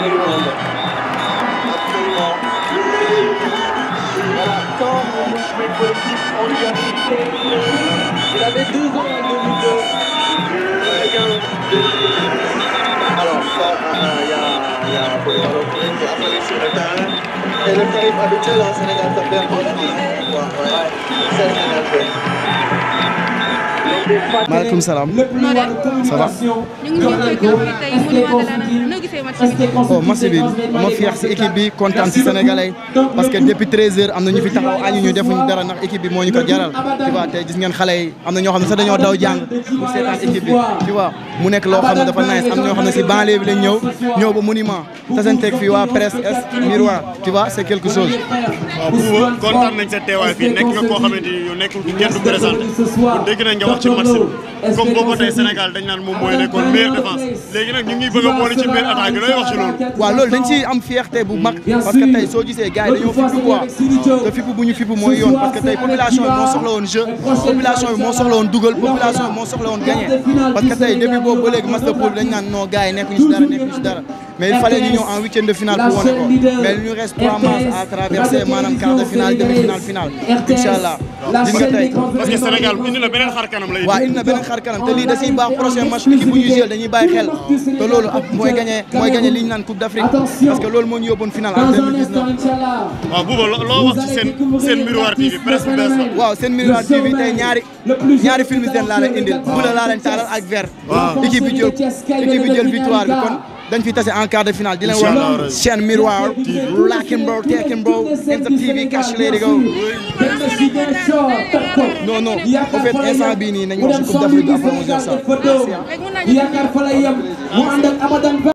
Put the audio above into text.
Absolument. Absolument. Voilà, quand on jouait pour l'équipe, on lui a dit Il avait 12 ans en 2002. Alors, ça, il euh, y a un Polero qui a appelé sur le terrain. Et le tarif habituel en Sénégal s'appelle Bonadi. Ouais, ouais. maaleykum salaam. ça va. oh bi ma fiyax si équipe bi kontaan si sénégalais parce que depuis 13 heures am na ñu fi taxaw añu ñu defuñ dara ndax équipe bi moo ñu ko jaral tu vois tey gis ngeen xale yi am na ñoo xam ne sax dañoo daw jàng pour seetaan équipe bi mu nekk loo xam ne dafa nice am ñoo xam ne si banlieue bi lañ ñëw ñëw ba monument tasanteeg fi waa presse est miroir tu vois c'est quelque chose. waaw Bouba kontaan nañ sa teewaay fii nekk nga koo xamante ni yow nekkul kenn du présenté kon dégg nañ nga wax ci match comme boobu tey Sénégal dañ naan moom mooy nekkoon meilleure défense léegi nag ñu ngi bëgg a boole ci meilleure attaque looy wax ci loolu. waaw dañ ciy am fierté bu mag parce que tey soo gisee gars yi dañoo fipp quoi te fipp bu ñu mooy yoon parce que tey population bi moo soxla woon jeu population bi moo soxla woon dugal population bi moo soxla woon gagné parce que tey depuis boobu ba master pool dañ naan non gars yi nekkuñu mais il fallait ñu en huitième de finale pour wane ko mais il nous reste trois matchs de finale demi-finale finale incha allah. gis nga tey beneen xar kanam lay. waaw indi beneen xar te lii da ciy baax prochain match équipe bu ñuy dañuy bàyyi xel te loolu mooy gagné mooy gagné d'Afrique parce que loolu moo ñu yóbboon finale en 2019. waaw waaw seen Miroir TV tey ñaari film seen laa leen indil. waaw bu taalal ak vert. victoire bi dañ fi tase en quart de finale di leen wax chaîne miroir laakin bro teekin TV cash lay di go non non au fait instant bii nii nañ wax si coupe d'Afrique après on